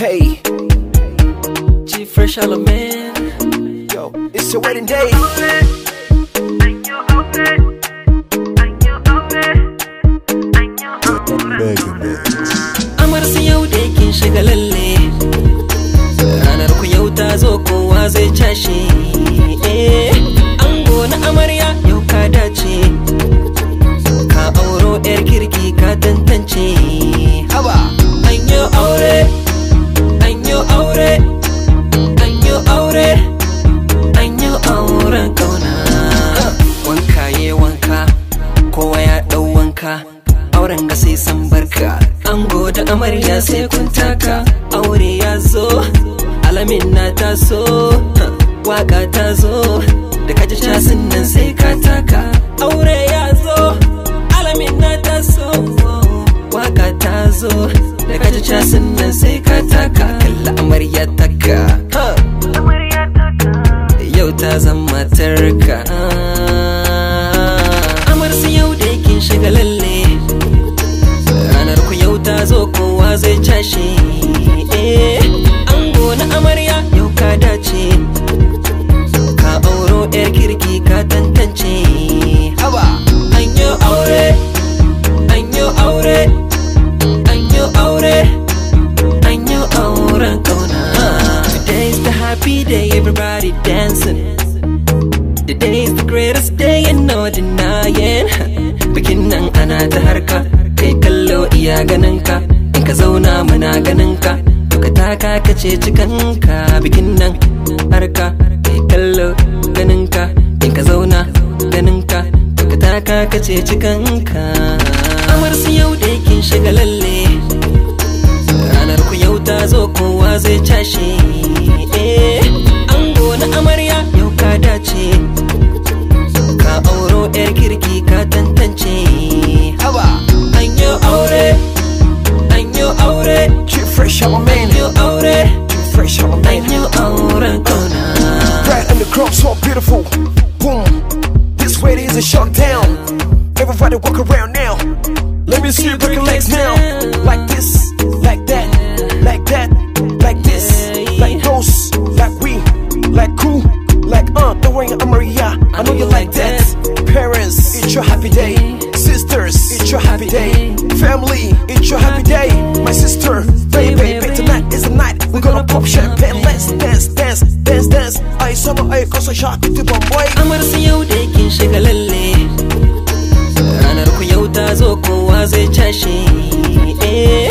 Hey, G Fresh Element. Yo, it's your wedding day. I'm gonna see you taking shake na sai kun taka aure ya zo alamin na taso waka ta zo da kaji casin nan sai ka taka aure ya zo alamin na taso waka ta zo da kaji casin nan sai ka taka kalla amarya taka dancing is the greatest day and no denying Bikin nan ana ta harka Kai kallo iya ganinka In ka zauna muna ganinka To ka taka ka cikanka Bikin nan harka Kai kallo ganinka In ka zauna ganinka To ka taka ka cikanka Amar su yau da yakin shiga lalle Ranar ku yau ta zo kowa zai cashe fresh on my man You own it Fresh on my man Right on the ground so beautiful Boom This way is a shutdown Everybody walk around now Let me see you break your legs now Like this Like that Like that Like this Like those Like we Like who Like uh Don't worry I'm Maria I know you like that Parents It's your happy day option Then let's dance, dance, dance, dance Ai sama ai kasa sha kuti bambai Amar su yau da kin shiga lalle Ranar ku yau ta zo kowa zai cashe Eh